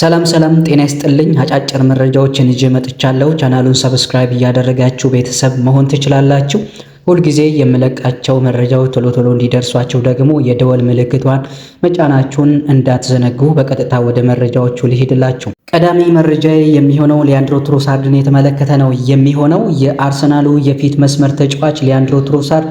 ሰላም ሰላም፣ ጤና ይስጥልኝ። አጫጭር መረጃዎችን ይዤ መጥቻለሁ። ቻናሉን ሰብስክራይብ እያደረጋችሁ ቤተሰብ መሆን ትችላላችሁ። ሁልጊዜ የምለቃቸው መረጃዎች ቶሎ ቶሎ እንዲደርሷቸው ደግሞ የደወል ምልክቷን መጫናችሁን እንዳትዘነጉ። በቀጥታ ወደ መረጃዎቹ ልሄድላችሁ። ቀዳሚ መረጃ የሚሆነው ሊያንድሮ ትሮሳርድን የተመለከተ ነው የሚሆነው የአርሰናሉ የፊት መስመር ተጫዋች ሊያንድሮ ትሮሳርድ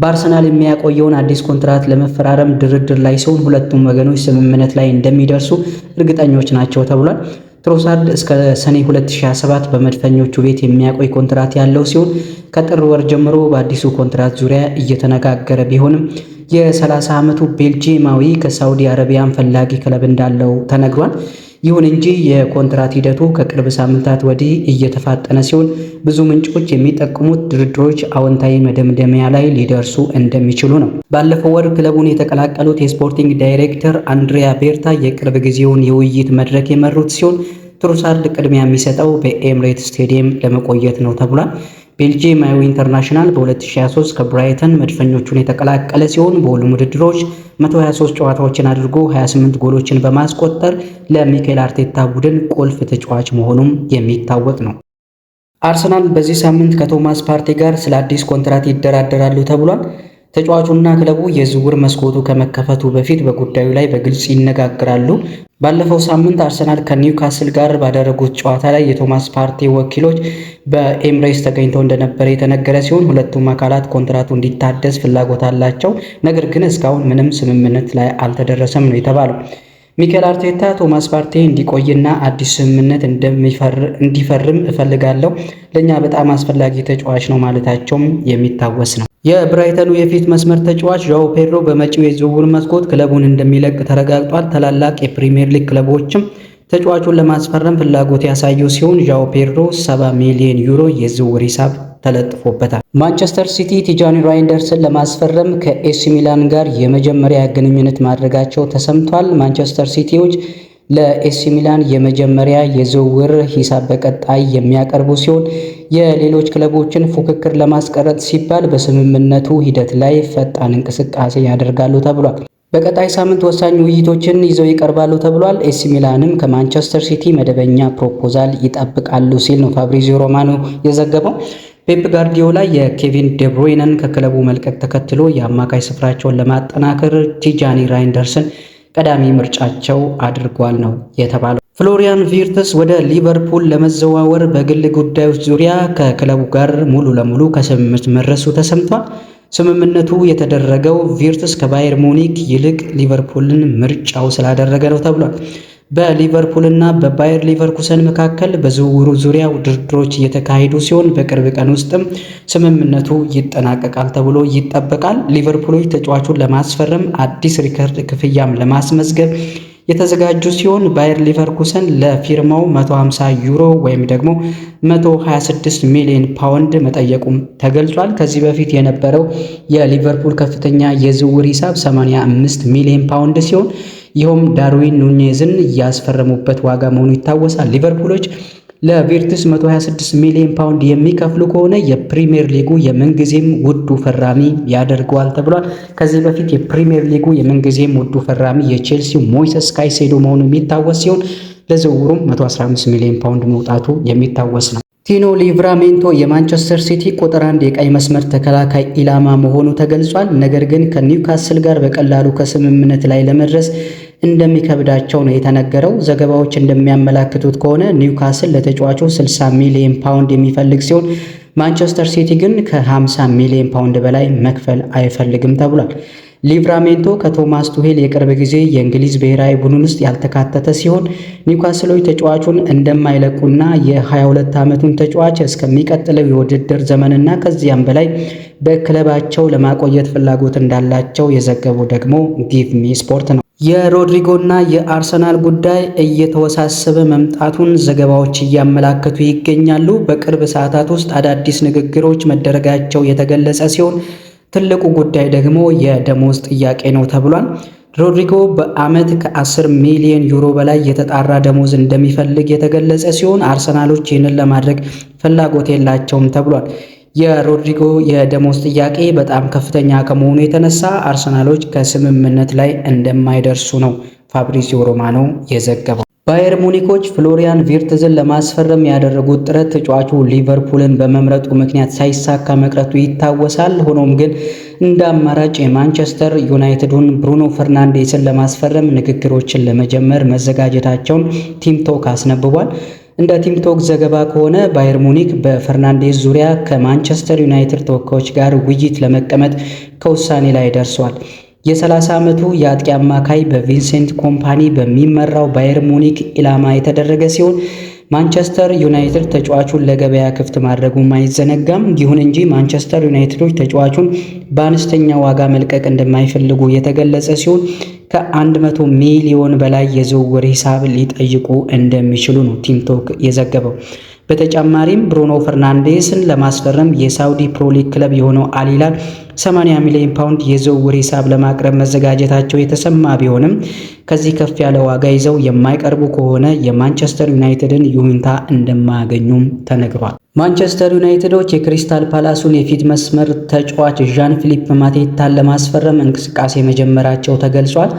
በአርሰናል የሚያቆየውን አዲስ ኮንትራት ለመፈራረም ድርድር ላይ ሲሆን ሁለቱም ወገኖች ስምምነት ላይ እንደሚደርሱ እርግጠኞች ናቸው ተብሏል። ትሮሳርድ እስከ ሰኔ 2027 በመድፈኞቹ ቤት የሚያቆይ ኮንትራት ያለው ሲሆን ከጥር ወር ጀምሮ በአዲሱ ኮንትራት ዙሪያ እየተነጋገረ ቢሆንም የ30 ዓመቱ ቤልጂየማዊ ከሳውዲ አረቢያን ፈላጊ ክለብ እንዳለው ተነግሯል። ይሁን እንጂ የኮንትራት ሂደቱ ከቅርብ ሳምንታት ወዲህ እየተፋጠነ ሲሆን ብዙ ምንጮች የሚጠቁሙት ድርድሮች አዎንታዊ መደምደሚያ ላይ ሊደርሱ እንደሚችሉ ነው። ባለፈው ወር ክለቡን የተቀላቀሉት የስፖርቲንግ ዳይሬክተር አንድሪያ ቤርታ የቅርብ ጊዜውን የውይይት መድረክ የመሩት ሲሆን ትሩሳርድ ቅድሚያ የሚሰጠው በኤምሬት ስቴዲየም ለመቆየት ነው ተብሏል። ቤልጂየማዊ ኢንተርናሽናል በ2023 ከብራይተን መድፈኞቹን የተቀላቀለ ሲሆን በሁሉም ውድድሮች 123 ጨዋታዎችን አድርጎ 28 ጎሎችን በማስቆጠር ለሚካኤል አርቴታ ቡድን ቁልፍ ተጫዋች መሆኑም የሚታወቅ ነው። አርሰናል በዚህ ሳምንት ከቶማስ ፓርቲ ጋር ስለ አዲስ ኮንትራት ይደራደራሉ ተብሏል። ተጫዋቹና ክለቡ የዝውውር መስኮቱ ከመከፈቱ በፊት በጉዳዩ ላይ በግልጽ ይነጋግራሉ። ባለፈው ሳምንት አርሰናል ከኒውካስል ጋር ባደረጉት ጨዋታ ላይ የቶማስ ፓርቴ ወኪሎች በኤምሬስ ተገኝተው እንደነበረ የተነገረ ሲሆን ሁለቱም አካላት ኮንትራቱ እንዲታደስ ፍላጎት አላቸው። ነገር ግን እስካሁን ምንም ስምምነት ላይ አልተደረሰም ነው የተባለው። ሚኬል አርቴታ ቶማስ ፓርቴ እንዲቆይና አዲስ ስምምነት እንዲፈርም እፈልጋለሁ፣ ለእኛ በጣም አስፈላጊ ተጫዋች ነው ማለታቸውም የሚታወስ ነው። የብራይተኑ የፊት መስመር ተጫዋች ዣው ፔድሮ በመጪው የዝውውር መስኮት ክለቡን እንደሚለቅ ተረጋግጧል። ታላላቅ የፕሪሚየር ሊግ ክለቦችም ተጫዋቹን ለማስፈረም ፍላጎት ያሳዩ ሲሆን ዣው ፔድሮ 70 ሚሊዮን ዩሮ የዝውውር ሂሳብ ተለጥፎበታል። ማንቸስተር ሲቲ ቲጃኒ ራይንደርስን ለማስፈረም ከኤሲ ሚላን ጋር የመጀመሪያ ግንኙነት ማድረጋቸው ተሰምቷል። ማንቸስተር ሲቲዎች ለኤሲ ሚላን የመጀመሪያ የዝውውር ሂሳብ በቀጣይ የሚያቀርቡ ሲሆን የሌሎች ክለቦችን ፉክክር ለማስቀረት ሲባል በስምምነቱ ሂደት ላይ ፈጣን እንቅስቃሴ ያደርጋሉ ተብሏል። በቀጣይ ሳምንት ወሳኝ ውይይቶችን ይዘው ይቀርባሉ ተብሏል። ኤሲ ሚላንም ከማንቸስተር ሲቲ መደበኛ ፕሮፖዛል ይጠብቃሉ ሲል ነው ፋብሪዚዮ ሮማኖ የዘገበው። ፔፕ ጋርዲዮላ የኬቪን ዴብሮይነን ከክለቡ መልቀቅ ተከትሎ የአማካይ ስፍራቸውን ለማጠናከር ቲጃኒ ራይንደርስን ቀዳሚ ምርጫቸው አድርጓል ነው የተባለው። ፍሎሪያን ቪርትስ ወደ ሊቨርፑል ለመዘዋወር በግል ጉዳዮች ዙሪያ ከክለቡ ጋር ሙሉ ለሙሉ ከስምምነት መድረሱ ተሰምቷል። ስምምነቱ የተደረገው ቪርትስ ከባየር ሙኒክ ይልቅ ሊቨርፑልን ምርጫው ስላደረገ ነው ተብሏል። በሊቨርፑል እና በባየር ሊቨርኩሰን መካከል በዝውውሩ ዙሪያ ድርድሮች እየተካሄዱ ሲሆን በቅርብ ቀን ውስጥም ስምምነቱ ይጠናቀቃል ተብሎ ይጠበቃል። ሊቨርፑሎች ተጫዋቹን ለማስፈረም አዲስ ሪከርድ ክፍያም ለማስመዝገብ የተዘጋጁ ሲሆን ባየር ሊቨርኩሰን ለፊርማው 150 ዩሮ ወይም ደግሞ 126 ሚሊዮን ፓውንድ መጠየቁም ተገልጿል። ከዚህ በፊት የነበረው የሊቨርፑል ከፍተኛ የዝውውር ሂሳብ 85 ሚሊዮን ፓውንድ ሲሆን ይኸውም ዳርዊን ኑኔዝን ያስፈረሙበት ዋጋ መሆኑ ይታወሳል። ሊቨርፑሎች ለቪርትስ 126 ሚሊዮን ፓውንድ የሚከፍሉ ከሆነ የፕሪሚየር ሊጉ የምንጊዜም ውዱ ፈራሚ ያደርገዋል ተብሏል። ከዚህ በፊት የፕሪሚየር ሊጉ የምንጊዜም ውዱ ፈራሚ የቼልሲው ሞይሰስ ካይሴዶ መሆኑ የሚታወስ ሲሆን ለዝውውሩም 115 ሚሊዮን ፓውንድ መውጣቱ የሚታወስ ነው። ቲኖ ሊቭራሜንቶ የማንቸስተር ሲቲ ቁጥር አንድ የቀይ መስመር ተከላካይ ኢላማ መሆኑ ተገልጿል። ነገር ግን ከኒውካስል ጋር በቀላሉ ከስምምነት ላይ ለመድረስ እንደሚከብዳቸው ነው የተነገረው። ዘገባዎች እንደሚያመላክቱት ከሆነ ኒውካስል ለተጫዋቹ 60 ሚሊዮን ፓውንድ የሚፈልግ ሲሆን ማንቸስተር ሲቲ ግን ከ50 ሚሊዮን ፓውንድ በላይ መክፈል አይፈልግም ተብሏል። ሊቭራሜንቶ ከቶማስ ቱሄል የቅርብ ጊዜ የእንግሊዝ ብሔራዊ ቡድን ውስጥ ያልተካተተ ሲሆን ኒውካስሎች ተጫዋቹን እንደማይለቁና የ22 ዓመቱን ተጫዋች እስከሚቀጥለው የውድድር ዘመንና ከዚያም በላይ በክለባቸው ለማቆየት ፍላጎት እንዳላቸው የዘገቡ ደግሞ ጊቭሚ ስፖርት ነው። የሮድሪጎና የአርሰናል ጉዳይ እየተወሳሰበ መምጣቱን ዘገባዎች እያመላከቱ ይገኛሉ። በቅርብ ሰዓታት ውስጥ አዳዲስ ንግግሮች መደረጋቸው የተገለጸ ሲሆን ትልቁ ጉዳይ ደግሞ የደሞዝ ጥያቄ ነው ተብሏል። ሮድሪጎ በዓመት ከ10 ሚሊዮን ዩሮ በላይ የተጣራ ደሞዝ እንደሚፈልግ የተገለጸ ሲሆን አርሰናሎች ይህንን ለማድረግ ፍላጎት የላቸውም ተብሏል። የሮድሪጎ የደሞዝ ጥያቄ በጣም ከፍተኛ ከመሆኑ የተነሳ አርሰናሎች ከስምምነት ላይ እንደማይደርሱ ነው ፋብሪሲዮ ሮማኖ የዘገበው። ባየር ሙኒኮች ፍሎሪያን ቪርትዝን ለማስፈረም ያደረጉት ጥረት ተጫዋቹ ሊቨርፑልን በመምረጡ ምክንያት ሳይሳካ መቅረቱ ይታወሳል። ሆኖም ግን እንደ አማራጭ የማንቸስተር ዩናይትዱን ብሩኖ ፈርናንዴስን ለማስፈረም ንግግሮችን ለመጀመር መዘጋጀታቸውን ቲም ቶክ አስነብቧል። እንደ ቲምቶክ ዘገባ ከሆነ ባየር ሙኒክ በፈርናንዴዝ ዙሪያ ከማንቸስተር ዩናይትድ ተወካዮች ጋር ውይይት ለመቀመጥ ከውሳኔ ላይ ደርሷል። የ30 ዓመቱ የአጥቂ አማካይ በቪንሴንት ኮምፓኒ በሚመራው ባየር ሙኒክ ኢላማ የተደረገ ሲሆን ማንቸስተር ዩናይትድ ተጫዋቹን ለገበያ ክፍት ማድረጉም አይዘነጋም። ይሁን እንጂ ማንቸስተር ዩናይትዶች ተጫዋቹን በአነስተኛ ዋጋ መልቀቅ እንደማይፈልጉ የተገለጸ ሲሆን ከ100 ሚሊዮን በላይ የዝውውር ሂሳብ ሊጠይቁ እንደሚችሉ ነው ቲምቶክ የዘገበው። በተጨማሪም ብሩኖ ፈርናንዴስን ለማስፈረም የሳውዲ ፕሮሊግ ክለብ የሆነው አሊላል 80 ሚሊዮን ፓውንድ የዝውውር ሂሳብ ለማቅረብ መዘጋጀታቸው የተሰማ ቢሆንም ከዚህ ከፍ ያለ ዋጋ ይዘው የማይቀርቡ ከሆነ የማንቸስተር ዩናይትድን ይሁንታ እንደማያገኙም ተነግሯል። ማንቸስተር ዩናይትዶች የክሪስታል ፓላሱን የፊት መስመር ተጫዋች ዣን ፊሊፕ ማቴታን ለማስፈረም እንቅስቃሴ መጀመራቸው ተገልጿል።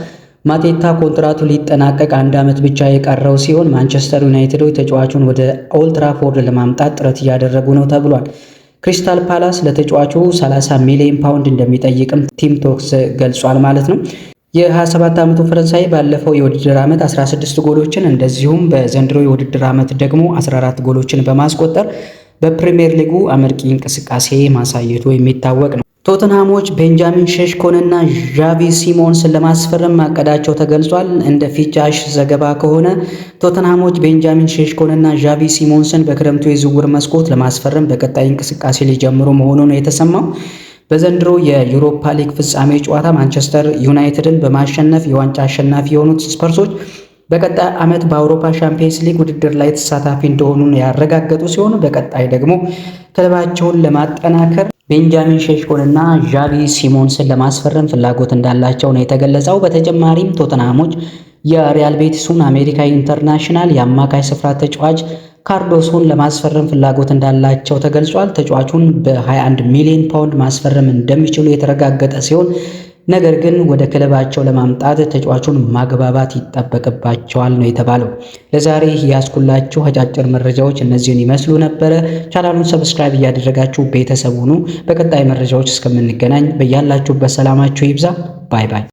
ማቴታ ኮንትራቱ ሊጠናቀቅ አንድ ዓመት ብቻ የቀረው ሲሆን ማንቸስተር ዩናይትዶች ተጫዋቹን ወደ ኦልትራፎርድ ለማምጣት ጥረት እያደረጉ ነው ተብሏል። ክሪስታል ፓላስ ለተጫዋቹ 30 ሚሊዮን ፓውንድ እንደሚጠይቅም ቲም ቶክስ ገልጿል ማለት ነው። የ27 ዓመቱ ፈረንሳይ ባለፈው የውድድር ዓመት 16 ጎሎችን እንደዚሁም በዘንድሮ የውድድር ዓመት ደግሞ 14 ጎሎችን በማስቆጠር በፕሪምየር ሊጉ አመርቂ እንቅስቃሴ ማሳየቱ የሚታወቅ ነው። ቶተንሃሞች ቤንጃሚን ሼሽኮንና ዣቪ ሲሞንስን ለማስፈረም ማቀዳቸው ተገልጿል። እንደ ፊቻሽ ዘገባ ከሆነ ቶተንሃሞች ቤንጃሚን ሼሽኮንና ዣቪ ሲሞንስን በክረምቱ የዝውውር መስኮት ለማስፈረም በቀጣይ እንቅስቃሴ ሊጀምሩ መሆኑ ነው የተሰማው። በዘንድሮ የዩሮፓ ሊግ ፍጻሜ ጨዋታ ማንቸስተር ዩናይትድን በማሸነፍ የዋንጫ አሸናፊ የሆኑት ስፐርሶች በቀጣይ ዓመት በአውሮፓ ሻምፒየንስ ሊግ ውድድር ላይ ተሳታፊ እንደሆኑ ያረጋገጡ ሲሆን በቀጣይ ደግሞ ክለባቸውን ለማጠናከር ቤንጃሚን ሼሽኮንና ዣቪ ሲሞንስን ለማስፈረም ፍላጎት እንዳላቸው ነው የተገለጸው። በተጨማሪም ቶተንሃሞች የሪያል ቤቲሱን አሜሪካዊ ኢንተርናሽናል የአማካይ ስፍራ ተጫዋች ካርዶሶን ለማስፈረም ፍላጎት እንዳላቸው ተገልጿል። ተጫዋቹን በ21 ሚሊዮን ፓውንድ ማስፈረም እንደሚችሉ የተረጋገጠ ሲሆን ነገር ግን ወደ ክለባቸው ለማምጣት ተጫዋቹን ማግባባት ይጠበቅባቸዋል ነው የተባለው። ለዛሬ ያስኩላችሁ አጫጭር መረጃዎች እነዚህን ይመስሉ ነበረ። ቻናሉን ሰብስክራይብ እያደረጋችሁ ቤተሰብ ሁኑ። በቀጣይ መረጃዎች እስከምንገናኝ በያላችሁበት ሰላማችሁ ይብዛ። ባይ ባይ።